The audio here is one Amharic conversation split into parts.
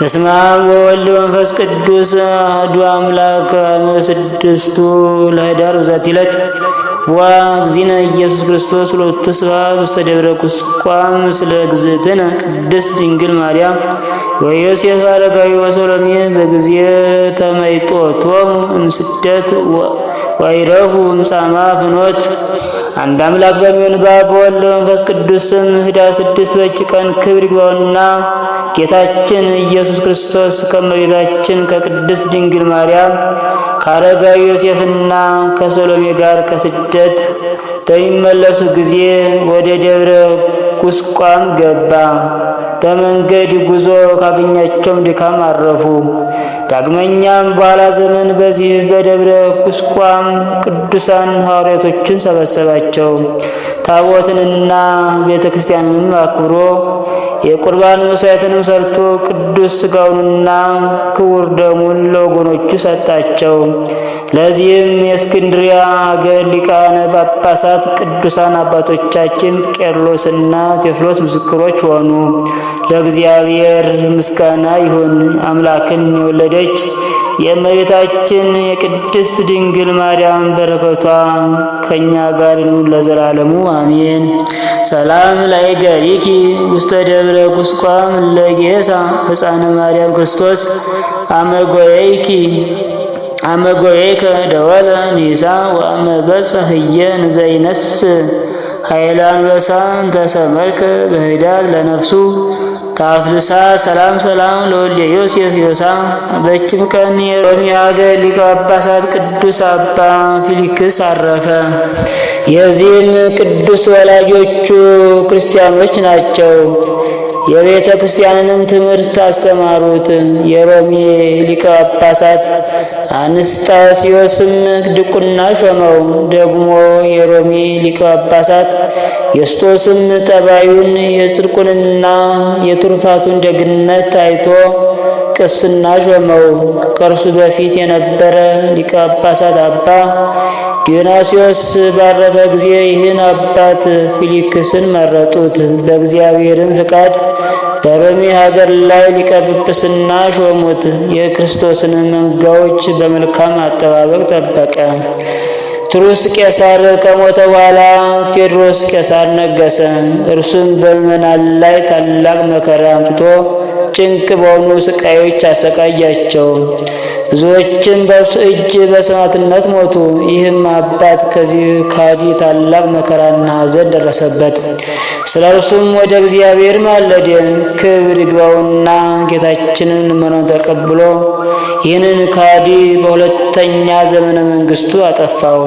በስመ አብ ወወልድ ወመንፈስ ቅዱስ አሐዱ አምላክ አመ ስድስቱ ለኅዳር በዛቲ ዕለት ወእግዚእነ ኢየሱስ ክርስቶስ ሁለቱ ስብሐት ውስተ ደብረ ቁስቋም ስለ እግዝእትነ ቅድስት ድንግል ማርያም ወዮሴፍ አረጋዊ ወሰሎሜ በጊዜ ተመይጦቶም እምስደት ወይረፉ እምሳማ ፍኖት አንድ አምላክ በሚሆን በአብ በወልድ በመንፈስ ቅዱስ ስም ስድስት በች ቀን ክብር ይግባውና ጌታችን ኢየሱስ ክርስቶስ ከእመቤታችን ከቅድስት ድንግል ማርያም ከአረጋዊ ዮሴፍና ከሰሎሜ ጋር ከስደት በሚመለሱ ጊዜ ወደ ደብረ ቁስቋም ገባ። በመንገድ ጉዞ ካገኛቸውም ድካም አረፉ። ዳግመኛም በኋላ ዘመን በዚህ በደብረ ቁስቋም ቅዱሳን ሐዋርያቶችን ሰበሰባቸው። ታቦትንና ቤተ ክርስቲያንንም አክብሮ የቁርባን መሥዋዕትንም ሰርቶ ቅዱስ ስጋውንና ክቡር ደሙን ለወገኖቹ ሰጣቸው። ለዚህም የእስክንድሪያ አገር ሊቃነ ጳጳሳት ቅዱሳን አባቶቻችን ቄርሎስና ቴዎፍሎስ ምስክሮች ሆኑ። ለእግዚአብሔር ምስጋና ይሁን። አምላክን የወለደች የእመቤታችን የቅድስት ድንግል ማርያም በረከቷ ከእኛ ጋር ይሁን ለዘላለሙ አሜን። ሰላም ገሪኪ ውስተ ደብረ ቁስቋም ለጌሳ ሕፃነ ማርያም ክርስቶስ አመጎይኪ አመጎይከ ደወለ ኒሳ ወአመበጽ ህየ ንዘይነስ ኃይለ አንበሳ እንተሰመርከ በህዳር ለነፍሱ ከአፍልሳ ሰላም ሰላም ለወልደ ዮሴፍ ዮሳም። በችም ቀን የሮሚ ሀገር ሊቀ ጳጳሳት ቅዱስ አባ ፊሊክስ አረፈ። የዚህን ቅዱስ ወላጆቹ ክርስቲያኖች ናቸው። የቤተ ክርስቲያንንም ትምህርት አስተማሩት። የሮሜ ሊቀ ጳጳሳት ድቁና ሾመው። ደግሞ የሮሜ ሊቀ ጳጳሳት የስቶስም ጠባዩን የጽድቁንና የትሩፋቱን ደግነት ታይቶ ቅስና ሾመው። ከእርሱ በፊት የነበረ ሊቀ ጳጳሳት አባ ዲዮናስዮስ ባረፈ ጊዜ ይህን አባት ፊሊክስን መረጡት። በእግዚአብሔርም ፍቃድ በሮሜ ሀገር ላይ ሊቀ ጵጵስና ሾሙት። የክርስቶስን መንጋዎች በመልካም አጠባበቅ ጠበቀ። ትሩስ ቄሳር ከሞተ በኋላ ቴዎድሮስ ቄሳር ነገሰ። እርሱም በምዕመናን ላይ ታላቅ መከራ አምጥቶ ጭንቅ በሆኑ ስቃዮች አሰቃያቸው። ብዙዎችን በእርሱ እጅ በሰማዕትነት ሞቱ። ይህም አባት ከዚህ ካዲ ታላቅ መከራና ሐዘን ደረሰበት። ስለ እርሱም ወደ እግዚአብሔር ማለደ። ክብር ይግባውና ጌታችንን ልመናውን ተቀብሎ ይህንን ካዲ በሁለተኛ ዘመነ መንግስቱ አጠፋው።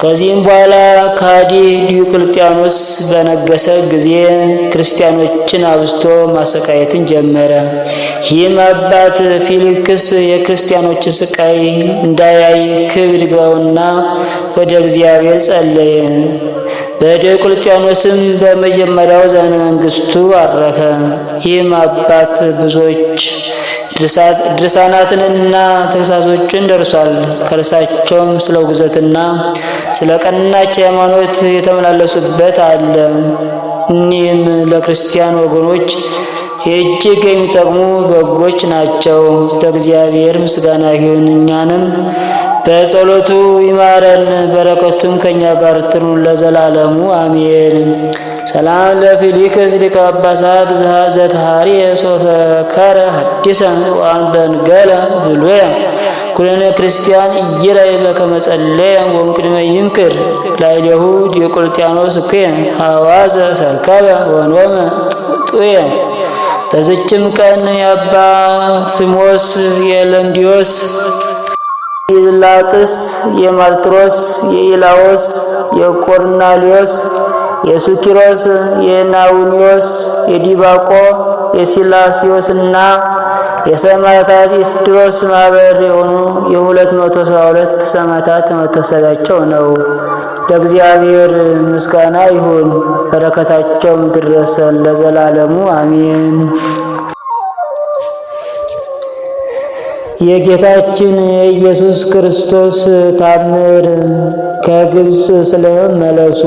ከዚህም በኋላ ካዲ ዲዮቅልጥያኖስ በነገሰ ጊዜ ክርስቲያኖችን አብዝቶ ማሰቃየትን ጀመረ። ይህም አባት ፊሊክስ የክርስ ክርስቲያኖች ስቃይ እንዳያይ ክብር ይግባውና ወደ እግዚአብሔር ጸለየ። በዲዮቅልጥያኖስም በመጀመሪያው ዘመነ መንግስቱ አረፈ። ይህም አባት ብዙዎች ድርሳናትንና ተግሳጾችን ደርሷል። ከእርሳቸውም ስለ ውግዘትና ስለ ቀናች ሃይማኖት የተመላለሱበት አለ። እኒህም ለክርስቲያን ወገኖች እጅግ የሚጠቅሙ በጎች ናቸው። ለእግዚአብሔር ምስጋና ይሁን፣ እኛንም በጸሎቱ ይማረን፣ በረከቱም ከእኛ ጋር ትኑር ለዘላለሙ አሜን። ሰላም ለፊሊክስ ሊቀ ጳጳሳት ዘትሃሪ ሶፈ ከረ ሐዲሰ ወአንበን ገለ ብሉየ ኩለነ ክርስቲያን እይራይ በከመጸለየ ወምቅድመ ይምክር ላይሌሁ ዲዮቅልጥያኖስ እኩየ ሐዋዘ ሰከበ ወኖመ ጡየ በዝችም ቀን የአባ ፊሞስ የለንዲዮስ የላጥስ የማርትሮስ የኢላዎስ የቆርናሊዮስ የሱኪሮስ የናውኒዮስ የዲባቆ የሲላሲዮስና የሰማዕታት ኢስድሮስ ማህበር የሆኑ የ 272 ሰማታት ሁለት ሰማዕታት መታሰቢያቸው ነው። ለእግዚአብሔር ምስጋና ይሁን፣ በረከታቸውም ድረሰን ለዘላለሙ አሜን። የጌታችን የኢየሱስ ክርስቶስ ታምር ከግብፅ ስለመመለሱ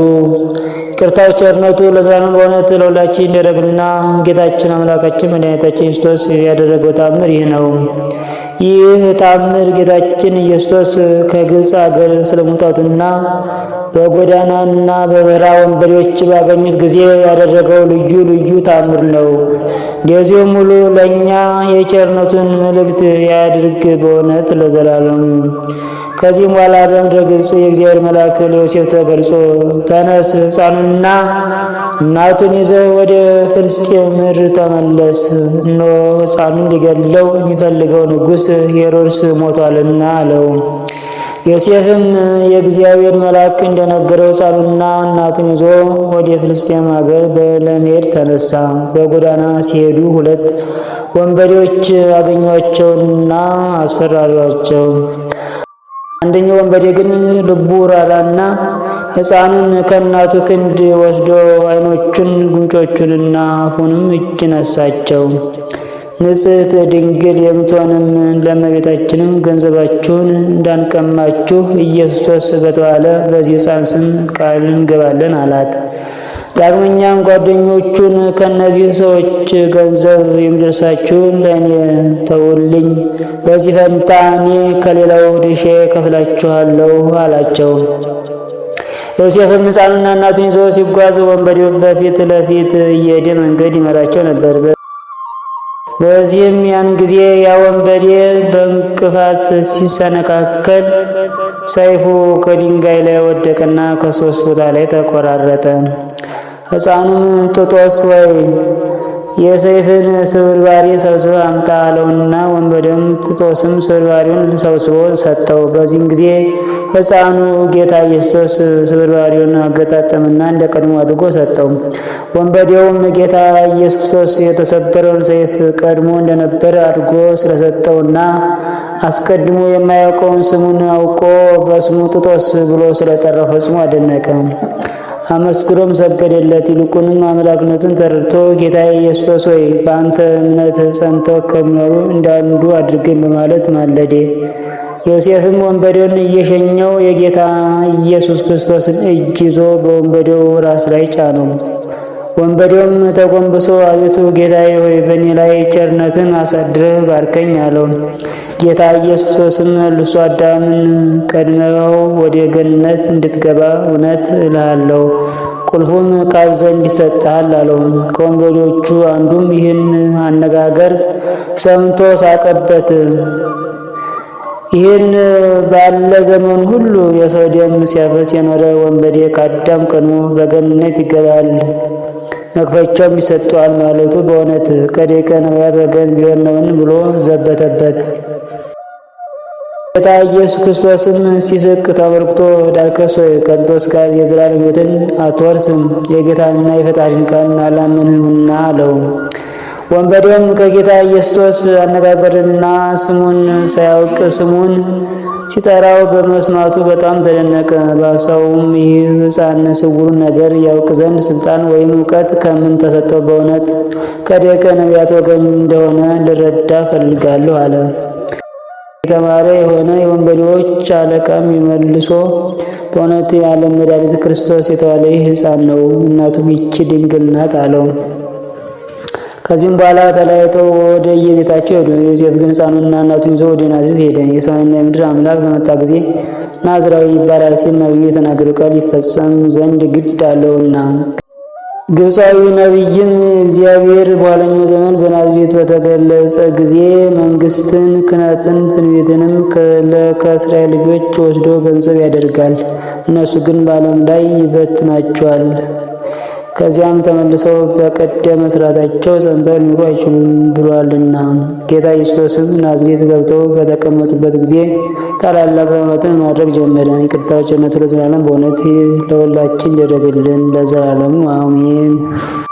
ይቅርታው ቸርነቱ ለዘላለም በእውነት ለሁላችን ይደረግልና ጌታችን አምላካችን መድኃኒታችን ክርስቶስ ያደረገው ታምር ይህ ነው። ይህ ታምር ጌታችን ኢየሱስ ከግብፅ አገር ስለመውጣቱና በጎዳናና በበረሃ ወንበዴዎች ባገኙት ጊዜ ያደረገው ልዩ ልዩ ታምር ነው። እንደዚሁም ሙሉ ለእኛ የቸርነቱን መልእክት ያድርግ በእውነት ለዘላለም ከዚህም በኋላ በምድረ ግብፅ የእግዚአብሔር መልአክ ለዮሴፍ ተገልጾ ተነስ፣ ሕፃኑንና እናቱን ይዘህ ወደ ፍልስጤም ምድር ተመለስ፣ እኖ ሕፃኑን ሊገድለው የሚፈልገው ንጉሥ ሄሮድስ ሞቷልና አለው። ዮሴፍም የእግዚአብሔር መልአክ እንደነገረው ሕፃኑንና እናቱን ይዞ ወደ ፍልስጤም ሀገር ለመሄድ ተነሳ። በጎዳና ሲሄዱ ሁለት ወንበዴዎች አገኟቸውና አስፈራሯቸው። አንደኛው ወንበዴ ግን ልቡ ራራና ሕፃኑን ከእናቱ ክንድ ወስዶ ዓይኖቹን ጉንጮቹንና አፉንም እጅ ነሳቸው። ንጽሕት ድንግል የምትሆንም ለመቤታችንም ገንዘባችሁን እንዳንቀማችሁ ኢየሱስ በተባለ በዚህ ሕፃን ስም ቃል እንገባለን አላት። ዳግመኛም ጓደኞቹን ከእነዚህ ሰዎች ገንዘብ የሚደርሳችሁን ለእኔ ተውልኝ፣ በዚህ ፈንታ እኔ ከሌላው ድሼ ከፍላችኋለሁ አላቸው። ዮሴፍም ሕፃኑና እናቱን ይዞ ሲጓዝ ወንበዴው በፊት ለፊት እየሄደ መንገድ ይመራቸው ነበር። በዚህም ያን ጊዜ ያ ወንበዴ በእንቅፋት ሲሰነካከል ሰይፉ ከድንጋይ ላይ ወደቀና ከሶስት ቦታ ላይ ተቆራረጠ። ሕፃኑም እንጥጦስ ወይ የሰይፍን ስብርባሪ ሰብስበ አምጣ አለውና ወንበዴውም ጥጦስም ስብርባሪውን ሰብስቦ ሰጠው። በዚህም ጊዜ ሕፃኑ ጌታ ኢየሱስ ስብርባሪውን አገጣጠምና እንደ ቀድሞ አድርጎ ሰጠው። ወንበዴውም ጌታ ኢየሱስ ክርስቶስ የተሰበረውን ሰይፍ ቀድሞ እንደነበረ አድርጎ ስለሰጠውና አስቀድሞ የማያውቀውን ስሙን አውቆ በስሙ ጥጦስ ብሎ ስለጠራው ፈጽሞ አደነቀ። አመስግሮም ሰገደለት። ይልቁንም አምላክነቱን ተረድቶ ጌታ ኢየሱስ ሆይ በአንተ እምነት ጸንተው ከሚኖሩ እንዳንዱ አድርገኝ በማለት ማለዴ ዮሴፍም ወንበዴውን እየሸኘው የጌታ ኢየሱስ ክርስቶስን እጅ ይዞ በወንበዴው ራስ ላይ ጫነው። ወንበዴውም ተጎንብሶ አቤቱ ጌታዬ ሆይ በእኔ ላይ ቸርነትን አሳድረህ ባርከኝ አለው። ጌታ ኢየሱስም ልሶ አዳምን ቀድመው ወደ ገነት እንድትገባ እውነት እልሃለሁ ቁልፉም ከአብ ዘንድ ይሰጥሃል አለው። ከወንበዴዎቹ አንዱም ይህን አነጋገር ሰምቶ ሳቀበት። ይህን ባለ ዘመን ሁሉ የሰው ደም ሲያፈስ የኖረ ወንበዴ ከአዳም ቀኑ በገነት ይገባል፣ መክፈቻውም ይሰጠዋል ማለቱ በእውነት ከሊቀ ነቢያት ወገን ቢሆን ነውን ብሎ ዘበተበት። ጌታ ኢየሱስ ክርስቶስም ሲስቅ ተመልክቶ ዳርከሶ ከጴጥሮስ ጋር የዘላለም ቤትን አትወርስም የጌታንና የፈጣሪን ቃል አላመንህምና አለው። ወንበዴውም ከጌታ ኢየሱስ አነጋገርና ስሙን ሳያውቅ ስሙን ሲጠራው በመስማቱ በጣም ተደነቀ። ባሳውም ይህ ሕፃን ስውሩን ነገር ያውቅ ዘንድ ስልጣን ወይም እውቀት ከምን ተሰጠው? በእውነት ከደቀ ነቢያት ወገን እንደሆነ ልረዳ ፈልጋለሁ አለ። የተማረ የሆነ የወንበዴዎች አለቃም ይመልሶ በእውነት የዓለም መድኃኒት ክርስቶስ የተባለ ይህ ሕፃን ነው፣ እናቱም ይቺ ድንግል ናት አለው። ከዚህም በኋላ ተለያይተው ወደ የቤታቸው ሄዱ። ዮሴፍ ግን ሕፃኑንና እናቱን ይዞ ወደ ናዝሬት ሄደ። የሰማይና የምድር አምላክ በመጣ ጊዜ ናዝራዊ ይባላል ሲል ነቢዩ የተናገረው ቃል ይፈጸም ዘንድ ግድ አለውና። ግብፃዊ ነቢይም እግዚአብሔር በኋለኛው ዘመን በናዝሬት በተገለጸ ጊዜ መንግስትን፣ ክህነትን፣ ትንቢትንም ከእስራኤል ልጆች ወስዶ ገንዘብ ያደርጋል፣ እነሱ ግን በዓለም ላይ ይበትናቸዋል። ከዚያም ተመልሰው በቀደመ ስርዓታቸው ጸንተው ሊኖሩ አይችሉም ብሏልና። ጌታ ኢየሱስም ናዝሬት ገብተው በተቀመጡበት ጊዜ ታላላቅ ተአምራትን ማድረግ ጀመረ። ይቅርታው ለዘላለም በእውነት ለሁላችን ይደረግልን ለዘላለሙ አሜን።